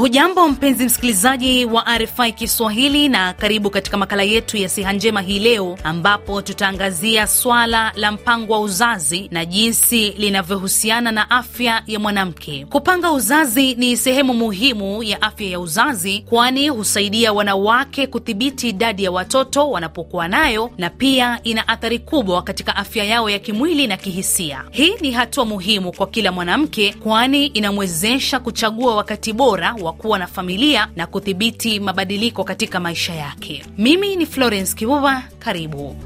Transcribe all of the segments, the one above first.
Hujambo mpenzi msikilizaji wa RFI Kiswahili, na karibu katika makala yetu ya siha njema hii leo, ambapo tutaangazia swala la mpango wa uzazi na jinsi linavyohusiana na afya ya mwanamke. Kupanga uzazi ni sehemu muhimu ya afya ya uzazi, kwani husaidia wanawake kudhibiti idadi ya watoto wanapokuwa nayo, na pia ina athari kubwa katika afya yao ya kimwili na kihisia. Hii ni hatua muhimu kwa kila mwanamke, kwani inamwezesha kuchagua wakati bora wa wa kuwa na familia na kudhibiti mabadiliko katika maisha yake. Mimi ni Florence Kibuba, karibu.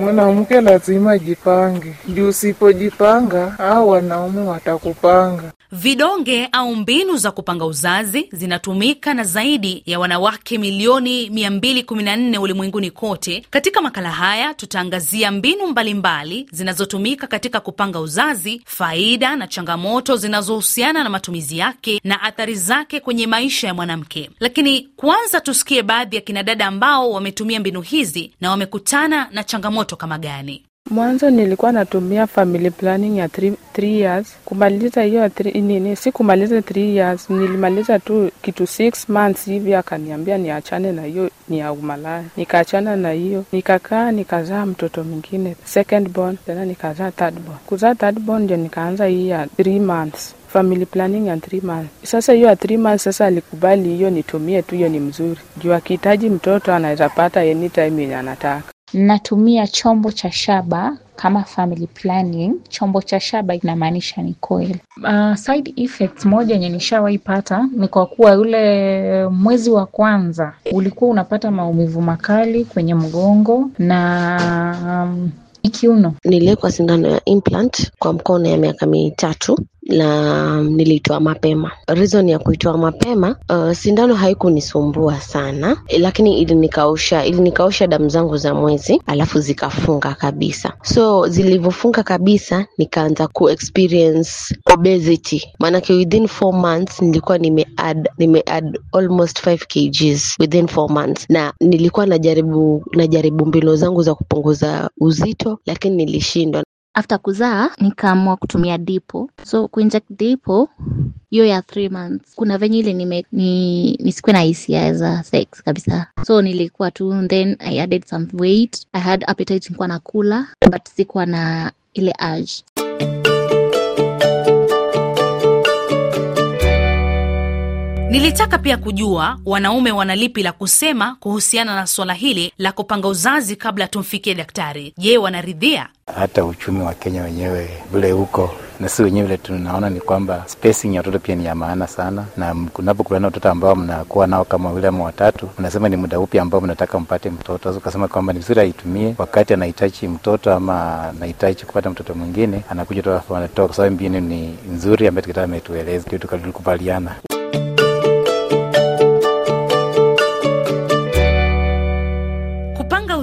Mwanamke lazima jipange, juu usipojipanga au wanaume watakupanga. Vidonge au mbinu za kupanga uzazi zinatumika na zaidi ya wanawake milioni 214 ulimwenguni kote. Katika makala haya tutaangazia mbinu mbalimbali zinazotumika katika kupanga uzazi, faida na changamoto zinazohusiana na matumizi yake na athari zake kwenye maisha ya mwanamke. Lakini kwanza tusikie baadhi ya kinadada ambao wametumia mbinu hizi na wamekutana na changamoto changamoto kama gani? Mwanzo nilikuwa natumia family planning ya 3 years kumaliza hiyo nini, si kumaliza three years, nilimaliza tu kitu 6 months hivi, akaniambia niachane na hiyo, ni ya umalaya. Nikaachana na hiyo, nikakaa nikazaa mtoto mwingine second born, tena nikazaa third born. Kuzaa third born ndio nikaanza hii ya 3 months family planning ya three months. Sasa hiyo ya three months sasa alikubali hiyo nitumie tu, hiyo ni mzuri juu akihitaji mtoto anaweza pata anytime yenye anataka. Natumia chombo cha shaba kama family planning. Chombo cha shaba inamaanisha ni coil. Uh, side effects moja yenye nishawahi pata ni kwa kuwa ule mwezi wa kwanza ulikuwa unapata maumivu makali kwenye mgongo na um, kiuno. Niliwekwa sindano ya implant kwa mkono ya miaka mitatu na nilitoa mapema. Reason ya kuitoa mapema, uh, sindano haikunisumbua sana, lakini ilinikausha ilinikausha damu zangu za mwezi, alafu zikafunga kabisa. So zilivyofunga kabisa, nikaanza ku experience obesity, maanake within 4 months nilikuwa nime add nime add almost 5 kgs within 4 months, na nilikuwa najaribu najaribu mbinu zangu za kupunguza uzito, lakini nilishindwa after kuzaa nikaamua kutumia dipo, so kuinject dipo hiyo ya three months, kuna venye ile nime ni nisikuwe na hisia za sex kabisa, so nilikuwa tu, then I added some weight, I had appetite, na kula but sikuwa na ile urge. Nilitaka pia kujua wanaume wana lipi la kusema kuhusiana na swala hili la kupanga uzazi kabla tumfikie daktari. Je, wanaridhia? Hata uchumi wa Kenya wenyewe vule huko na si wenyewe vile tunaona ni kwamba spacing ya watoto pia ni ya maana sana, na kunapokulana watoto ambao mnakuwa nao kama wile ama watatu, mnasema ni muda upi ambao mnataka mpate mtoto. Ukasema kwamba ni vizuri aitumie wakati anahitaji mtoto ama anahitaji kupata mtoto mwingine, anakuja anatoa, kwa sababu mbinu ni nzuri ambayo tuktaa ametueleza, ndio tukakubaliana.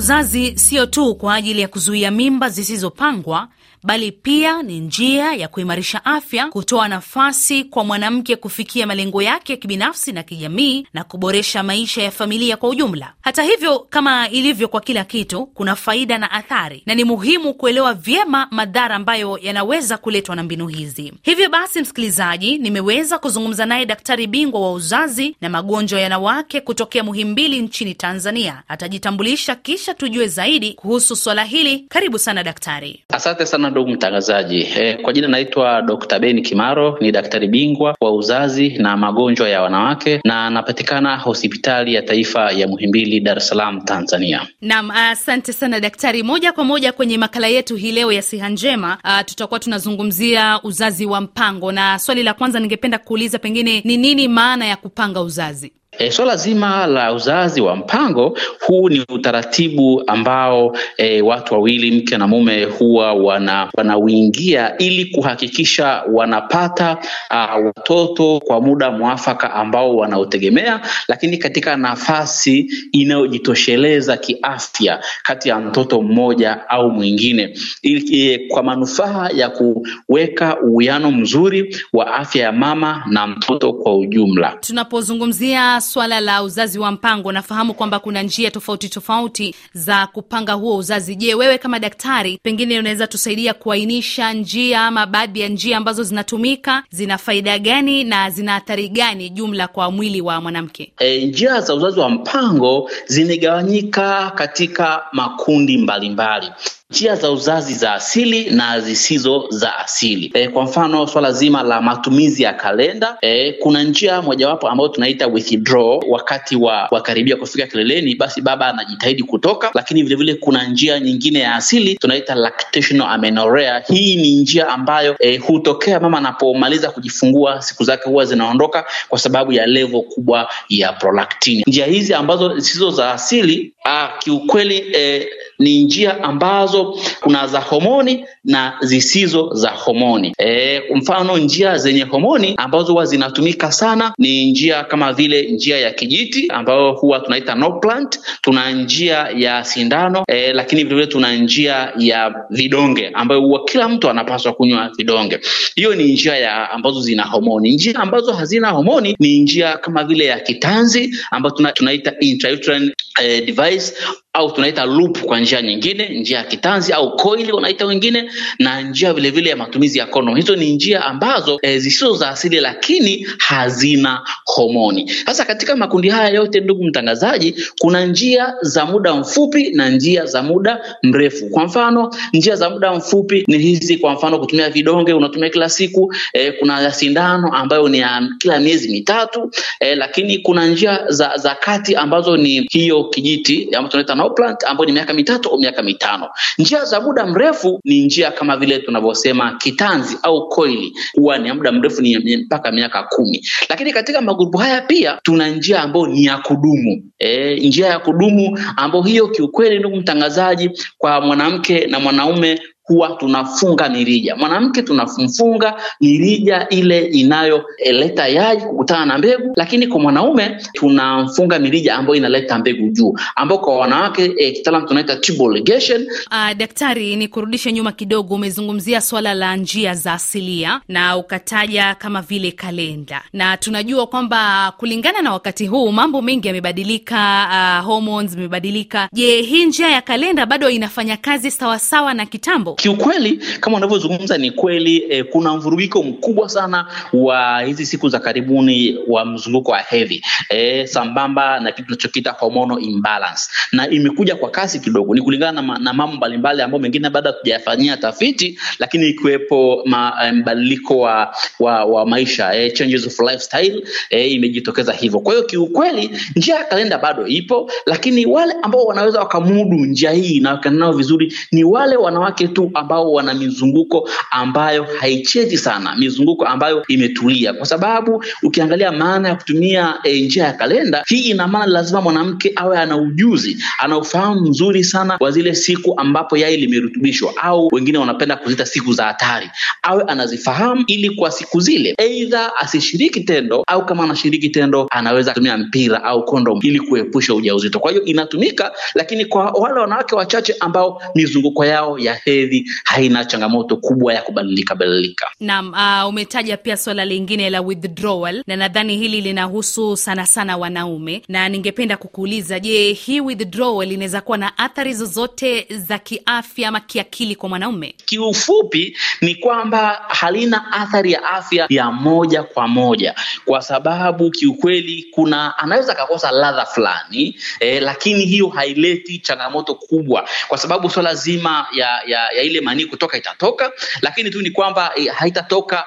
uzazi sio tu kwa ajili ya kuzuia mimba zisizopangwa, bali pia ni njia ya kuimarisha afya, kutoa nafasi kwa mwanamke kufikia malengo yake ya kibinafsi na kijamii, na kuboresha maisha ya familia kwa ujumla. Hata hivyo, kama ilivyo kwa kila kitu, kuna faida na athari, na ni muhimu kuelewa vyema madhara ambayo yanaweza kuletwa na mbinu hizi. Hivyo basi, msikilizaji, nimeweza kuzungumza naye daktari bingwa wa uzazi na magonjwa ya wanawake kutokea Muhimbili nchini Tanzania. Atajitambulisha kisha tujue zaidi kuhusu swala hili. Karibu sana daktari. Asante sana Ndugu mtangazaji e, kwa jina naitwa Dr. Ben Kimaro, ni daktari bingwa wa uzazi na magonjwa ya wanawake na anapatikana hospitali ya taifa ya Muhimbili, Dar es Salaam, Tanzania. Naam, asante sana daktari. Moja kwa moja kwenye makala yetu hii leo ya Siha Njema, ah, tutakuwa tunazungumzia uzazi wa mpango, na swali la kwanza ningependa kuuliza pengine ni nini maana ya kupanga uzazi? E, swala so zima la uzazi wa mpango huu ni utaratibu ambao e, watu wawili mke na mume huwa wana wanauingia ili kuhakikisha wanapata uh, watoto kwa muda mwafaka ambao wanaotegemea, lakini katika nafasi inayojitosheleza kiafya kati ya mtoto mmoja au mwingine, ili eh, kwa manufaa ya kuweka uwiano mzuri wa afya ya mama na mtoto kwa ujumla. Tunapozungumzia swala la uzazi wa mpango, nafahamu kwamba kuna njia tofauti tofauti za kupanga huo uzazi. Je, wewe kama daktari, pengine unaweza tusaidia kuainisha njia ama baadhi ya njia ambazo zinatumika, zina faida gani na zina athari gani jumla kwa mwili wa mwanamke? E, njia za uzazi wa mpango zimegawanyika katika makundi mbalimbali mbali njia za uzazi za asili na zisizo za asili. E, kwa mfano swala zima la matumizi ya kalenda e, kuna njia mojawapo ambayo tunaita withdraw. Wakati wa wakaribia kufika kileleni, basi baba anajitahidi kutoka, lakini vilevile vile kuna njia nyingine ya asili tunaita lactational amenorrhea. Hii ni njia ambayo e, hutokea mama anapomaliza kujifungua, siku zake huwa zinaondoka kwa sababu ya levo kubwa ya prolactin. Njia hizi ambazo zisizo za asili Ah, kiukweli eh, ni njia ambazo kuna za homoni na zisizo za homoni. Eh, mfano njia zenye homoni ambazo huwa zinatumika sana ni njia kama vile njia ya kijiti ambayo huwa tunaita plant. tuna njia ya sindano eh, lakini vilevile tuna njia ya vidonge ambayo huwa kila mtu anapaswa kunywa vidonge. Hiyo ni njia ya ambazo zina homoni. Njia ambazo hazina homoni ni njia kama vile ya kitanzi ambayo tuna, tunaita intrauterine eh, device au tunaita loop kwa njia nyingine, njia ya kitanzi au coil wanaita wengine, na njia vile vile ya matumizi ya kono. Hizo ni njia ambazo eh, zisizo za asili, lakini hazina homoni. Sasa katika makundi haya yote, ndugu mtangazaji, kuna njia za muda mfupi na njia za muda mrefu. Kwa mfano, njia za muda mfupi ni hizi, kwa mfano kutumia vidonge, unatumia kila siku e, kuna ya sindano ambayo ni ya kila miezi mitatu e, lakini kuna njia za, za kati ambazo ni hiyo kijiti ambayo tunaita Neoplant ambayo ni miaka mitatu au miaka mitano. Njia za muda mrefu ni njia kama vile tunavyosema kitanzi au koili, huwa ni muda mrefu ni mpaka miaka kumi, lakini katika magu magurudumu haya pia tuna njia ambayo ni ya kudumu e, njia ya kudumu ambayo hiyo kiukweli, ndugu mtangazaji, kwa mwanamke na mwanaume huwa tunafunga mirija. Mwanamke tunamfunga mirija ile inayoleta yai kukutana na mbegu, lakini kwa mwanaume tunamfunga mirija ambayo inaleta mbegu juu, ambao kwa wanawake e, eh, kitaalam tunaita tubal ligation. Uh, ah, daktari, ni kurudishe nyuma kidogo, umezungumzia swala la njia za asilia na ukataja kama vile kalenda, na tunajua kwamba kulingana na wakati huu mambo mengi yamebadilika, uh, hormones zimebadilika. Je, hii njia ya kalenda bado inafanya kazi sawasawa na kitambo? kiukweli kama unavyozungumza ni kweli eh, kuna mvurugiko mkubwa sana wa hizi siku za karibuni wa mzunguko wa hedhi eh, sambamba na kitu tunachokita hormonal imbalance, na imekuja kwa kasi kidogo, ni kulingana na, na mambo mbalimbali ambayo mengine bado hatujayafanyia tafiti, lakini ikiwepo eh, mbadiliko wa, wa, wa maisha eh, changes of lifestyle eh, imejitokeza hivyo. Kwa hiyo kiukweli njia ya kalenda bado ipo, lakini wale ambao wanaweza wakamudu njia hii na wakanao vizuri ni wale wanawake tu ambao wana mizunguko ambayo haichezi sana, mizunguko ambayo imetulia, kwa sababu ukiangalia maana ya kutumia e, njia ya kalenda hii, ina maana lazima mwanamke awe ana ujuzi, ana ufahamu mzuri sana wa zile siku ambapo yai limerutubishwa au wengine wanapenda kuzita siku za hatari, awe anazifahamu ili kwa siku zile aidha asishiriki tendo au kama anashiriki tendo anaweza kutumia mpira au kondom ili kuepusha ujauzito. Kwa hiyo inatumika, lakini kwa wale wanawake wachache ambao mizunguko yao ya hedhi hivi haina changamoto kubwa ya kubadilika badilika. nam uh, umetaja pia suala lingine la withdrawal, na nadhani hili linahusu sana sana wanaume, na ningependa kukuuliza, je, hii withdrawal inaweza kuwa na athari zozote za kiafya ama kiakili kwa mwanaume? Kiufupi ni kwamba halina athari ya afya ya moja kwa moja, kwa sababu kiukweli kuna anaweza akakosa ladha fulani eh, lakini hiyo haileti changamoto kubwa, kwa sababu swala zima ya, ya, ya ile manii kutoka itatoka, lakini tu ni kwamba e, haitatoka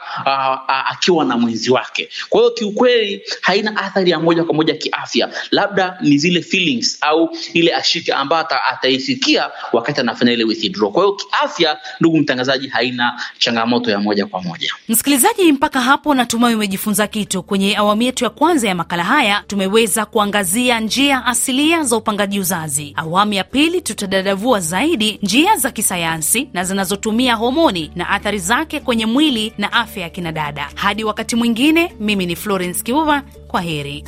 akiwa na mwenzi wake. Kwa hiyo kiukweli haina athari ya moja kwa moja kiafya, labda ni zile feelings au ile ashika ambayo ataisikia wakati anafanya ile withdraw. Kwa hiyo kiafya, ndugu mtangazaji, haina changamoto ya moja kwa moja. Msikilizaji, mpaka hapo natumai umejifunza kitu. Kwenye awamu yetu ya kwanza ya makala haya tumeweza kuangazia njia asilia za upangaji uzazi. Awamu ya pili tutadadavua zaidi njia za kisayansi na zinazotumia homoni na athari zake kwenye mwili na afya ya kinadada. Hadi wakati mwingine, mimi ni Florence Kiuva, kwa heri.